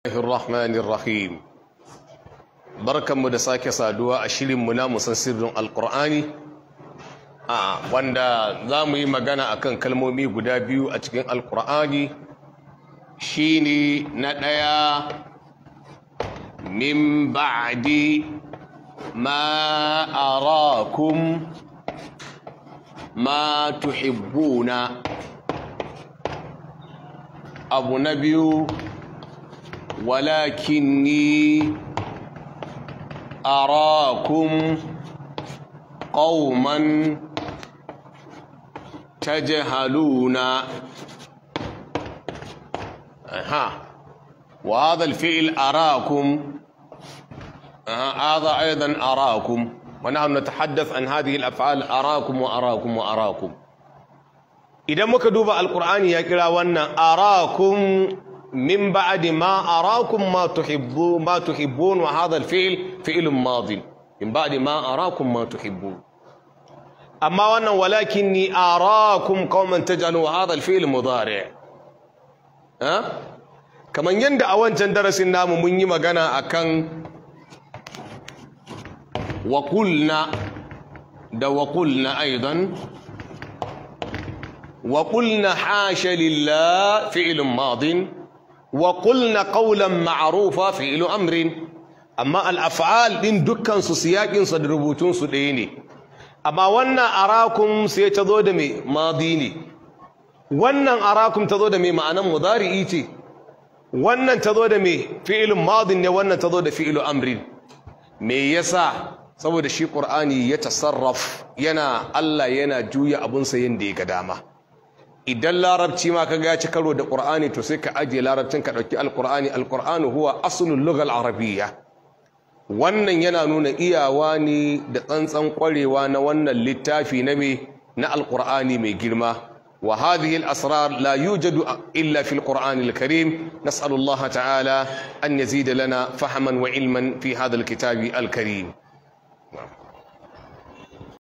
Rahmanir Rahim barkanmu da sake saduwa a shirinmu na musan alkur'ani a wanda za mu yi magana akan kalmomi guda biyu a cikin alkur'ani shine na ɗaya min ma ma abu na biyu ولكني أراكم قوما تجهلون ها وهذا الفعل أراكم هذا أيضا أراكم ونحن نتحدث عن هذه الأفعال أراكم وأراكم وأراكم إذا مكدوب القرآن يا كلا وأن أراكم من بعد ما أراكم ما تحبون ما تحبون وهذا الفعل فعل ماض من بعد ما أراكم ما تحبون أما وأنا ولكني أراكم قوما تجعلوا هذا الفعل مضارع ها أه؟ كما يندى أوان جندرس النام مني مغانا أكن وقلنا دا وقلنا أيضا وقلنا حاش لله فعل ماضٍ wa qulna qawlan ma'rufa fi'lu amrin amma al'af'al din dukkan su siyakin da rubutun su ɗaya ne amma wannan arakum sai ta zo da mai madi ne wannan arakum ta zo da mai ma'anan mudari'i ce wannan ta zo da mai fi'ilun madin ne wannan ta zo da fi'ilu amrin me yasa saboda shi qur'ani ya tasarraf yana Allah yana juya abunsa yanda ya ga dama idan larabci ma ka gaci karo da ƙur'ani to sai ka ajiye larabcin ka ɗauki alƙur'ani alƙur'ani huwa asulun lugal arabiya wannan yana nuna iyawa ne da tsantsan ƙwarewa na wannan littafi na me na alƙur'ani mai girma wa hadhihi al-asrar la yujadu illa fil qur'an al-karim nas'alu Allah ta'ala an yazida lana fahman wa ilman fi hadha al-kitabi al-karim